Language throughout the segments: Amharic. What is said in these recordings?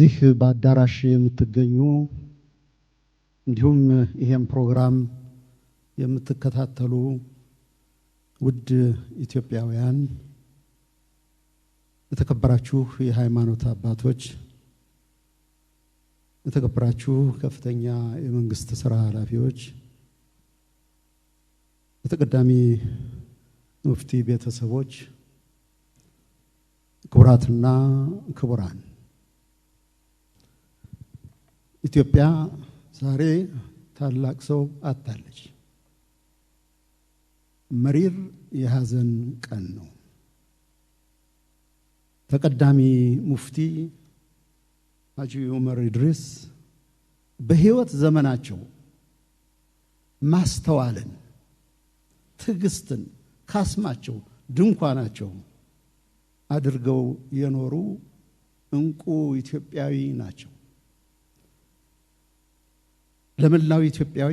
በዚህ በአዳራሽ የምትገኙ እንዲሁም ይሄን ፕሮግራም የምትከታተሉ ውድ ኢትዮጵያውያን፣ የተከበራችሁ የሃይማኖት አባቶች፣ የተከበራችሁ ከፍተኛ የመንግስት ስራ ኃላፊዎች፣ የተቀዳሚ ሙፍቲ ቤተሰቦች፣ ክቡራትና ክቡራን ኢትዮጵያ ዛሬ ታላቅ ሰው አጣለች። መሪር የሐዘን ቀን ነው። ተቀዳሚ ሙፍቲ ሐጂ ዑመር ኢድሪስ በሕይወት ዘመናቸው ማስተዋልን፣ ትዕግስትን ካስማቸው ድንኳናቸው አድርገው የኖሩ እንቁ ኢትዮጵያዊ ናቸው። ለመላው ኢትዮጵያዊ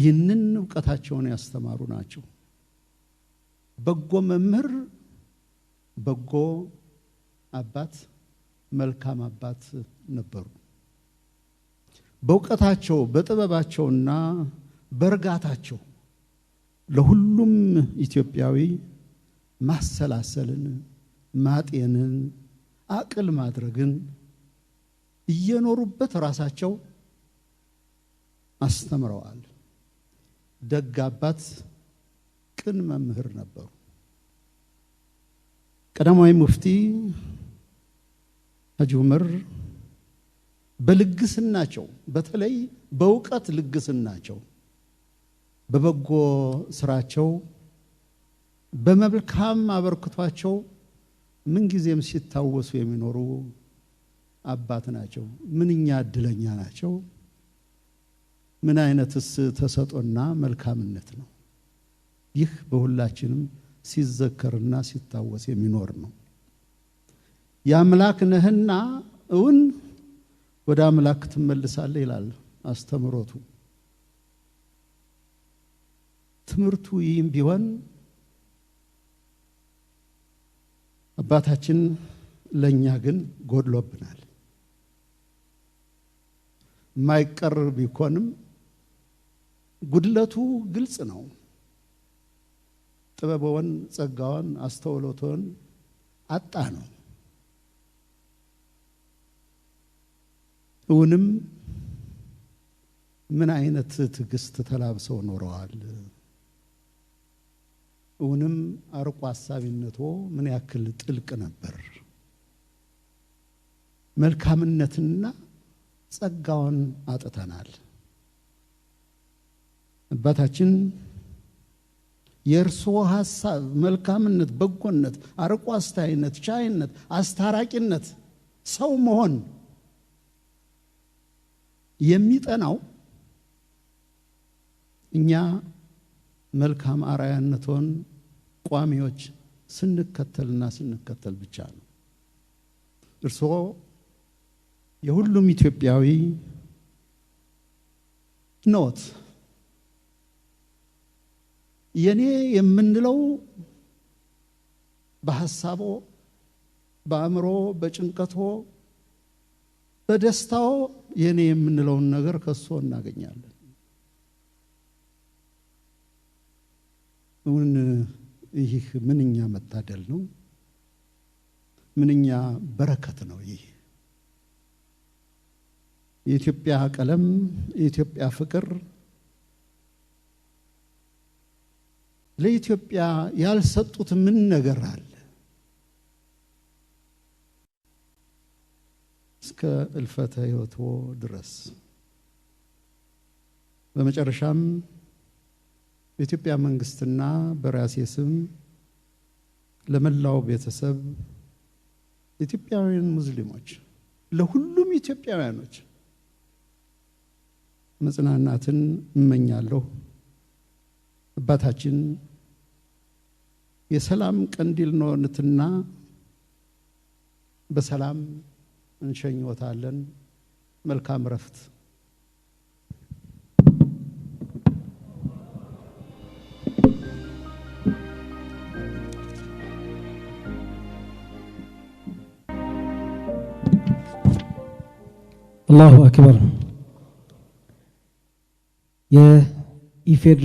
ይህንን እውቀታቸውን ያስተማሩ ናቸው። በጎ መምህር፣ በጎ አባት፣ መልካም አባት ነበሩ። በእውቀታቸው በጥበባቸውና በእርጋታቸው ለሁሉም ኢትዮጵያዊ ማሰላሰልን፣ ማጤንን፣ አቅል ማድረግን እየኖሩበት ራሳቸው አስተምረዋል። ደግ አባት፣ ቅን መምህር ነበሩ። ቀዳማዊ ሙፍቲ ሀጂ ዑመር በልግስናቸው በተለይ በእውቀት ልግስናቸው፣ በበጎ ስራቸው፣ በመልካም አበርክቷቸው ምንጊዜም ሲታወሱ የሚኖሩ አባት ናቸው። ምንኛ እድለኛ ናቸው! ምን አይነትስ ተሰጦና መልካምነት ነው! ይህ በሁላችንም ሲዘከርና ሲታወስ የሚኖር ነው። የአምላክ ነህና እውን ወደ አምላክ ትመልሳለህ ይላል አስተምሮቱ። ትምህርቱ ይህም ቢሆን አባታችን ለእኛ ግን ጎድሎብናል። የማይቀር ቢኮንም ጉድለቱ ግልጽ ነው። ጥበበውን፣ ጸጋውን፣ አስተውሎቶን አጣ ነው። እውንም ምን አይነት ትዕግስት ተላብሰው ኖረዋል? እውንም አርቆ ሀሳቢነቶ ምን ያክል ጥልቅ ነበር? መልካምነትና ጸጋውን አጥተናል። አባታችን የእርስዎ ሐሳብ፣ መልካምነት፣ በጎነት፣ አርቆ አስተያይነት፣ ቻይነት፣ አስታራቂነት፣ ሰው መሆን የሚጠናው እኛ መልካም አርአያነቶን ቋሚዎች ስንከተልና ስንከተል ብቻ ነው። እርስዎ የሁሉም ኢትዮጵያዊ ኖት። የኔ የምንለው በሀሳቦ፣ በአእምሮ፣ በጭንቀቶ፣ በደስታዎ የኔ የምንለውን ነገር ከሶ እናገኛለን። እውን ይህ ምንኛ መታደል ነው! ምንኛ በረከት ነው ይህ የኢትዮጵያ ቀለም፣ የኢትዮጵያ ፍቅር ለኢትዮጵያ ያልሰጡት ምን ነገር አለ? እስከ እልፈተ ሕይወትዎ ድረስ። በመጨረሻም በኢትዮጵያ መንግስትና በራሴ ስም ለመላው ቤተሰብ ኢትዮጵያውያን ሙስሊሞች፣ ለሁሉም ኢትዮጵያውያኖች መጽናናትን እመኛለሁ። አባታችን የሰላም ቀንዲል ነውንትና በሰላም እንሸኝዎታለን። መልካም ረፍት አላሁ አክበር። ephedrine.